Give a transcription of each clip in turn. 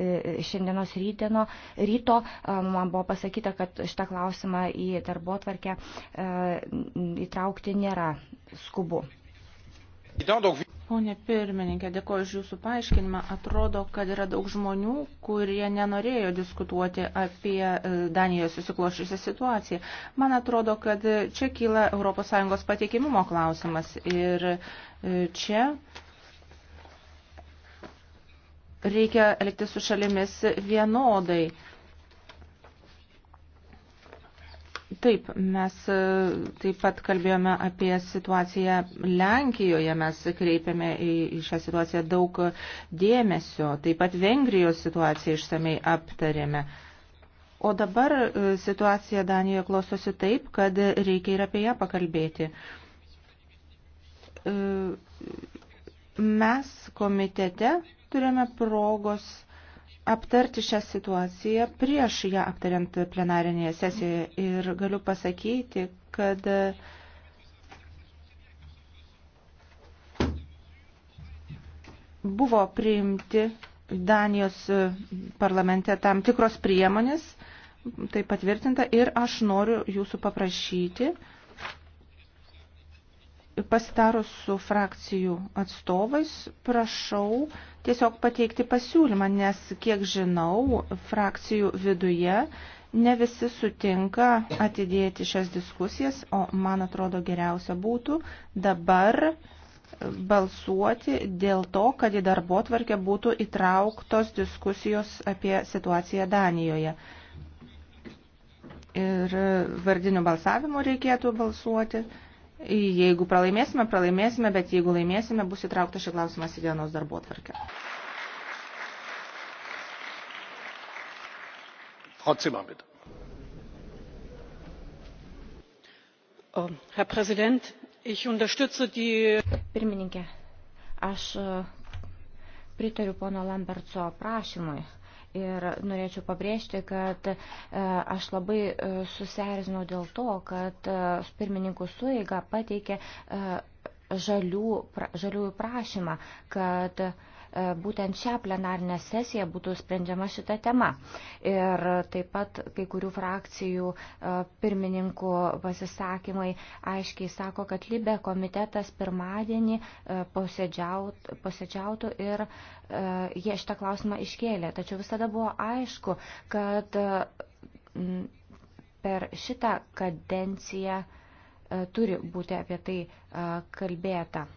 E, šiandienos ryteno, ryto e, man buvo pasakyta, kad šitą klausimą į darbo tvarkę e, įtraukti nėra skubu. Pone pirmininkė, dėkoju už Jūsų paaiškinimą. Atrodo, kad yra daug žmonių, kurie nenorėjo diskutuoti apie Danijoje susiklošusią situaciją. Man atrodo, kad čia kyla ES patikimumo klausimas ir čia reikia elgtis su šalimis vienodai. Taip, mes e, taip pat kalbėjome apie situaciją Lenkijoje, mes kreipėme į, į šią situaciją daug dėmesio, taip pat Vengrijos situaciją išsamei aptarėme. O dabar e, situacija Danijoje klostosi taip, kad reikia ir apie ją pakalbėti. E, mes komitete turėjome progos aptarti šią situaciją prieš ją aptariant plenarinėje sesijoje ir galiu pasakyti, kad buvo priimti Danijos parlamente tam tikros priemonės, tai patvirtinta ir aš noriu jūsų paprašyti, pasitarus su frakcijų atstovais, prašau tiesiog pateikti pasiūlymą, nes, kiek žinau, frakcijų viduje ne visi sutinka atidėti šias diskusijas, o man atrodo geriausia būtų dabar balsuoti dėl to, kad į darbo tvarkę būtų įtrauktos diskusijos apie situaciją Danijoje. Ir vardiniu balsavimu reikėtų balsuoti. Jeigu pralaimėsime, pralaimėsime, bet jeigu laimėsime, bus įtraukta šį klausimą į dienos darbo atvarkę. Oh, Herr Präsident, ich unterstütze die. Pirmininkė, aš uh, pritariu pono Lambertso prašymui. Ir norėčiau pabrėžti, kad e, aš labai e, susierzinau dėl to, kad e, pirmininkų suiga pateikė žalių, pra, žaliųjų prašymą, kad uh, E, būtent šią plenarinę sesiją būtų sprendžiama šita tema. Ir taip pat kai kurių frakcijų e, pirmininkų pasisakymai aiškiai sako, kad Libė komitetas pirmadienį e, posėdžiautų ir jie šitą klausimą iškėlė. Tačiau visada buvo aišku, kad per šitą kadenciją turi būti apie tai kalbėta.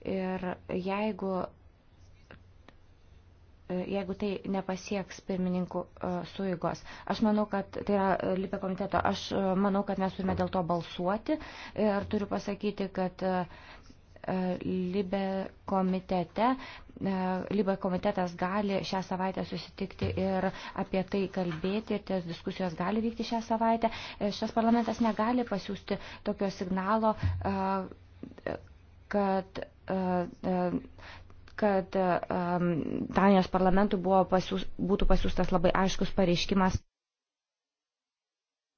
Ir jeigu, e, jeigu tai nepasieks pirmininkų e, suigos, aš manau, kad tai yra e, Lipė komiteto, aš manau, kad mes turime dėl to balsuoti ir turiu pasakyti, kad Libe komitete, Libe komitetas gali šią savaitę susitikti ir apie tai kalbėti, ir ties diskusijos gali vykti šią savaitę. Šitas parlamentas negali pasiūsti tokio signalo, kad kad um, Danijos parlamentų pasiūs, būtų pasiūstas labai aiškus pareiškimas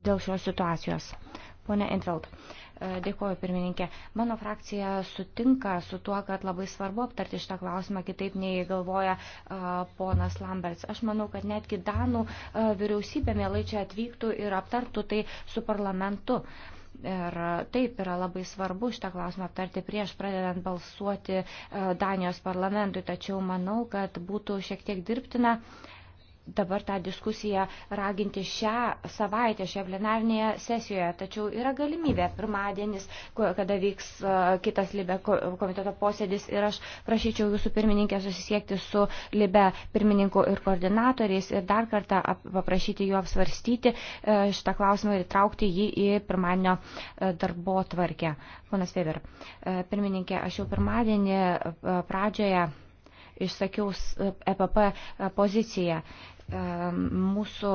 dėl šios situacijos. Pone Entveld, e, dėkuoju pirmininkė. Mano frakcija sutinka su tuo, kad labai svarbu aptarti šitą klausimą, kitaip nei galvoja e, ponas Lamberts. Aš manau, kad netgi Danų e, vyriausybė mielai čia atvyktų ir aptartų tai su parlamentu. A, Ir taip yra labai svarbu šitą klausimą aptarti prieš pradedant balsuoti e, Danijos parlamentui, tačiau manau, kad būtų šiek tiek dirbtina uh, dabar tą diskusiją raginti šią savaitę, šią plenarnėje sesijoje. Tačiau yra galimybė pirmadienis, kada vyks kitas Libe komiteto posėdis ir aš prašyčiau jūsų pirmininkę susisiekti su Libe pirmininku ir koordinatoriais ir dar kartą paprašyti jų apsvarstyti e, šitą klausimą ir įtraukti jį į pirmadienio e, darbo tvarkę. Ponas Weber, e, pirmininkė, aš jau pirmadienį pradžioje išsakiau EPP poziciją mūsų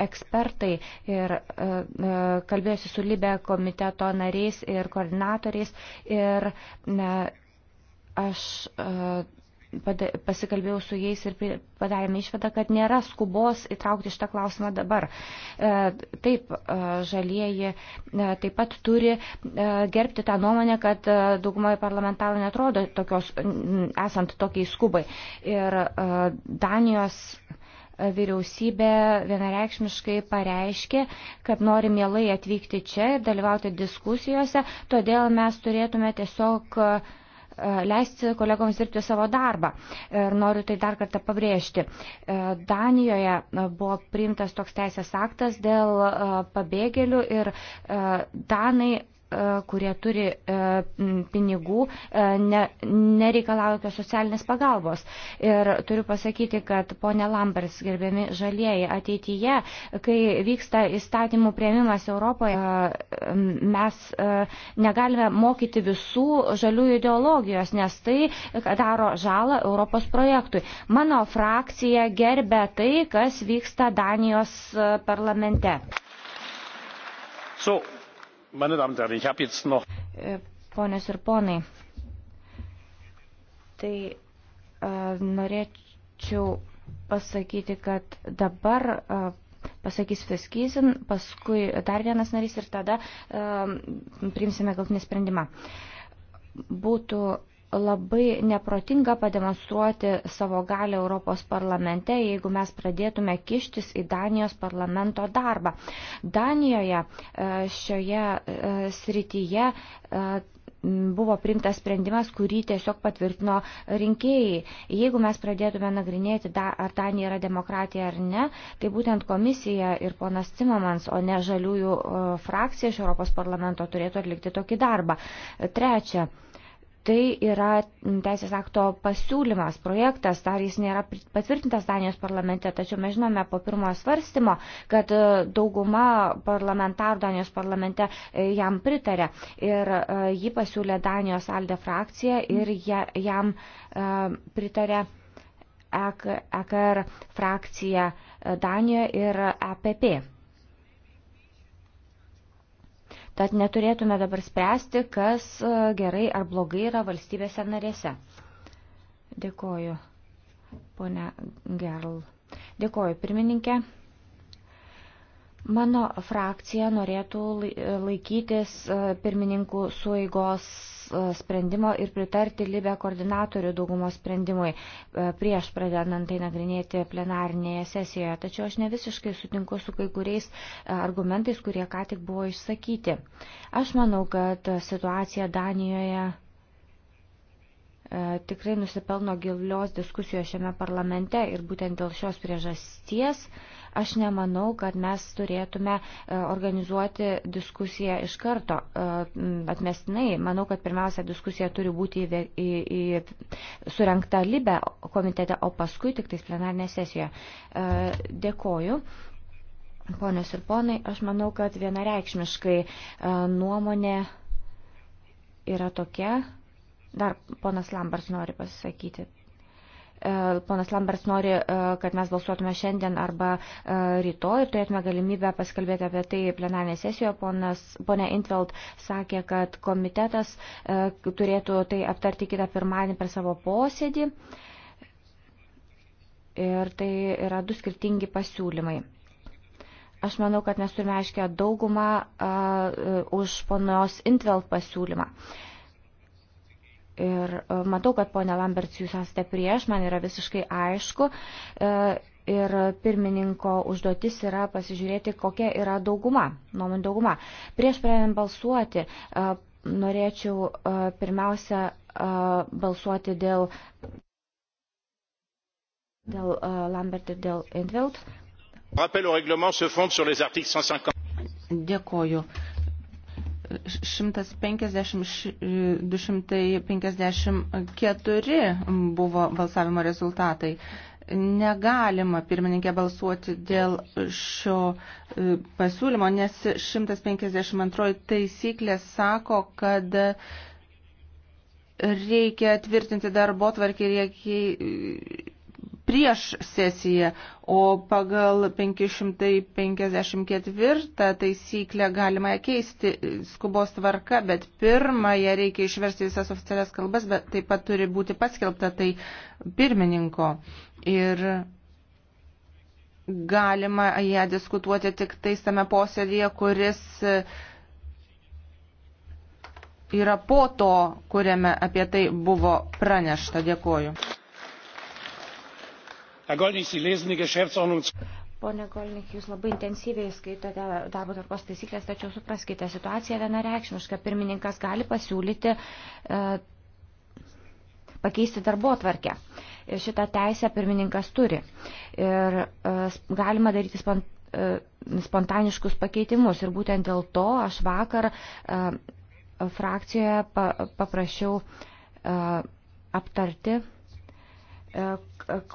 ekspertai ir e, e, kalbėjusi su Libė komiteto nariais ir koordinatoriais ir aš e, pasikalbėjau su jais ir padarėme išvadą, kad nėra skubos įtraukti šitą klausimą dabar. Taip, žalieji taip pat turi gerbti tą nuomonę, kad daugumoje parlamentarų netrodo tokios, esant tokiai skubai. Ir Danijos vyriausybė vienareikšmiškai pareiškė, kad nori mielai atvykti čia ir dalyvauti diskusijose, todėl mes turėtume tiesiog e, leisti kolegoms dirbti savo darbą. Ir noriu tai dar kartą pabrėžti. E, Danijoje e, buvo priimtas toks teisės aktas dėl pabėgėlių ir Danai E, kurie turi e, pinigų, e, ne, nereikalauja jokios socialinės pagalbos. Ir turiu pasakyti, kad ponė Lambers, gerbiami žalieji, ateityje, kai vyksta įstatymų prieimimas Europoje, mes negalime mokyti visų žaliųjų ideologijos, nes tai daro žalą Europos projektui. Mano frakcija gerbė tai, kas vyksta Danijos parlamente. So, Meine Damen und Herren, ich habe jetzt noch. E, ponios ir ponai, tai uh, norėčiau pasakyti, kad dabar uh, pasakys Feskizin, paskui dar vienas narys ir tada uh, priimsime galtinį sprendimą. Būtų labai neprotinga pademonstruoti savo galę Europos parlamente, jeigu mes pradėtume kištis į Danijos parlamento darbą. Danijoje e, šioje e, srityje e, buvo primtas sprendimas, kurį tiesiog patvirtino rinkėjai. Jeigu mes pradėtume nagrinėti, ar Danija yra demokratija ar ne, tai būtent komisija ir ponas Cimamans, o ne žaliųjų frakcija iš Europos parlamento turėtų atlikti tokį darbą. Trečia, Tai yra teisės akto pasiūlymas, projektas, dar jis nėra patvirtintas Danijos parlamente, tačiau mes žinome po pirmojo svarstymo, kad e, dauguma parlamentarų Danijos parlamente e, jam pritarė ir e, jį pasiūlė Danijos Alde frakcija ir jam pritarė EKR frakcija Danijoje ir EPP. Tad neturėtume dabar spręsti, kas e, gerai ar blogai yra valstybėse narėse. Dėkoju, ponia Gerl. Dėkoju, pirmininkė. Mano frakcija norėtų laikytis e, pirmininkų suigos E, sprendimo ir pritarti Libė koordinatorių daugumos sprendimui e, prieš pradedant tai nagrinėti plenarnėje sesijoje. Tačiau aš ne visiškai sutinku su kai kuriais e, argumentais, kurie ką tik buvo išsakyti. Aš manau, kad situacija Danijoje E, tikrai nusipelno gilios diskusijos šiame parlamente ir būtent dėl šios priežasties aš nemanau, kad mes turėtume e, organizuoti diskusiją iš karto e, atmestinai. Manau, kad pirmiausia diskusija turi būti į, į, į, surenkta libe komitete, o paskui tik tais plenarinė sesija. Dėkoju. Ponios ir ponai, aš manau, kad vienareikšmiškai nuomonė yra tokia, Dar ponas Lambers nori pasisakyti. E, ponas Lambers nori, e, kad mes balsuotume šiandien arba e, rytoj ir turėtume galimybę pasikalbėti apie tai plenarinė sesijoje. Ponas, ponė Intveld sakė, kad komitetas turėtų tai aptarti kitą pirmadienį per savo posėdį. Ir tai yra du skirtingi pasiūlymai. Aš manau, kad mes turime aiškę daugumą uh, už ponios Intveld pasiūlymą. Uh, Ir e, matau, kad ponia Lamberts, jūs esate prieš, man yra visiškai aišku. E, ir pirmininko užduotis yra pasižiūrėti, kokia yra dauguma, nuomonių dauguma. Prieš pradedant balsuoti, e, norėčiau pirmiausia balsuoti dėl, dėl Lambert ir dėl Entveld. Dėkoju. 150-254 buvo balsavimo rezultatai. Negalima pirmininkė balsuoti dėl šio e, pasiūlymo, nes 152 taisyklė sako, kad reikia tvirtinti darbo tvarkį ir reikia prieš sesiją, o pagal 554 taisyklę galima keisti skubos tvarka, bet pirmąją reikia išversti visas oficialias kalbas, bet taip pat turi būti paskelbta tai pirmininko. Ir galima ją diskutuoti tik tais tame posėdėje, kuris yra po to, kuriame apie tai buvo pranešta. Dėkoju. Pone Golnik, jūs labai intensyviai skaitote darbo tvarkos taisyklės, tačiau supraskite, situacija vienareikšmiška. Pirmininkas gali pasiūlyti e, pakeisti darbo tvarkę. Ir šitą teisę pirmininkas turi. Ir e, galima daryti spant, e, spontaniškus pakeitimus. Ir būtent dėl to aš vakar e, frakcijoje pa, paprašiau e, aptarti. E,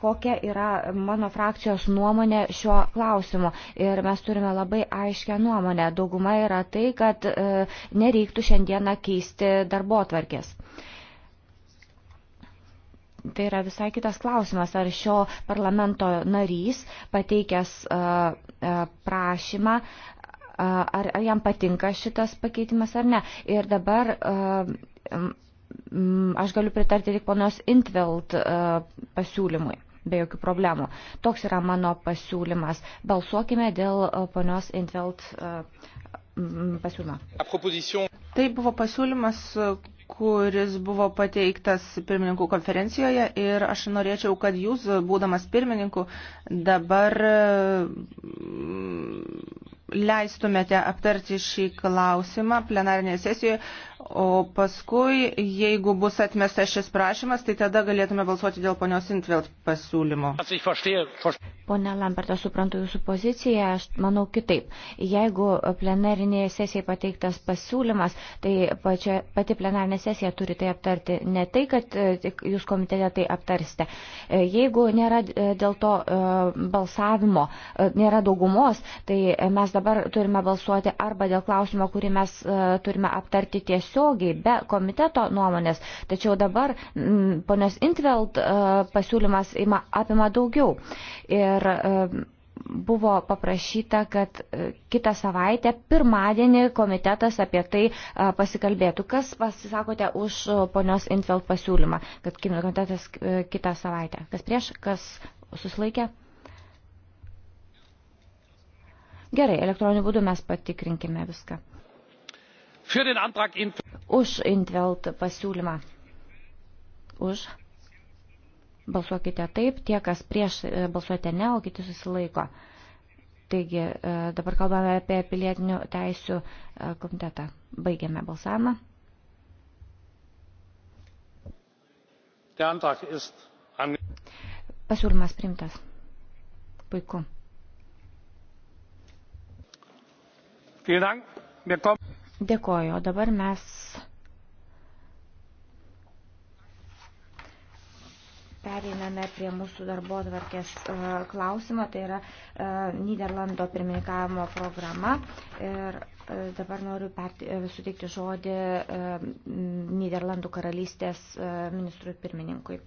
kokia yra mano frakcijos nuomonė šiuo klausimu. Ir mes turime labai aiškę nuomonę. Dauguma yra tai, kad e, nereiktų šiandieną keisti darbo tvarkės. Tai yra visai kitas klausimas, ar šio parlamento narys pateikęs e, e, prašymą ar, ar jam patinka šitas pakeitimas ar ne. Ir dabar Mm, aš galiu pritarti tik ponios Intveld e, pasiūlymui, be jokių problemų. Toks yra mano pasiūlymas. Balsuokime dėl e, ponios Intveld e, mm, pasiūlymą. Tai buvo pasiūlymas, kuris buvo pateiktas pirmininkų konferencijoje ir aš norėčiau, kad jūs, būdamas pirmininku, dabar leistumėte aptarti šį klausimą plenarinėje sesijoje, O paskui, jeigu bus atmestas šis prašymas, tai tada galėtume balsuoti dėl ponios Intvelt pasiūlymo. Pone Lambert, aš suprantu jūsų poziciją, aš manau kitaip. Jeigu plenarinėje sesijai pateiktas pasiūlymas, tai pačia, pati plenarinė sesija turi tai aptarti. Ne tai, kad e, jūs komitete tai aptarsite. E, jeigu nėra e, dėl to balsavimo, nėra daugumos, tai mes dabar turime balsuoti arba dėl klausimo, kurį mes turime aptarti tiesiogiai be komiteto nuomonės. Tačiau dabar ponios Intveld pasiūlymas apima daugiau. Ir ir e, buvo paprašyta, kad e, kitą savaitę, pirmadienį, komitetas apie tai e, pasikalbėtų. Kas pasisakote už ponios Infeld pasiūlymą, kad komitetas kitą savaitę? Kas prieš, kas susilaikė? Gerai, elektroniniu būdu mes patikrinkime viską. Už Infeld pasiūlymą. Už balsuokite taip, tie, kas prieš e, balsuojate ne, o kiti susilaiko. Taigi e, dabar kalbame apie pilietinių teisių e, komitetą. Baigiame balsavimą. Pasiūlymas primtas. Puiku. Dėkoju. O dabar mes Pereiname prie mūsų darbo tvarkės e, klausimo, tai yra e, Niderlando pirmininkavimo programa. Ir e, dabar noriu suteikti žodį Niderlandų karalystės ministrui pirmininkui.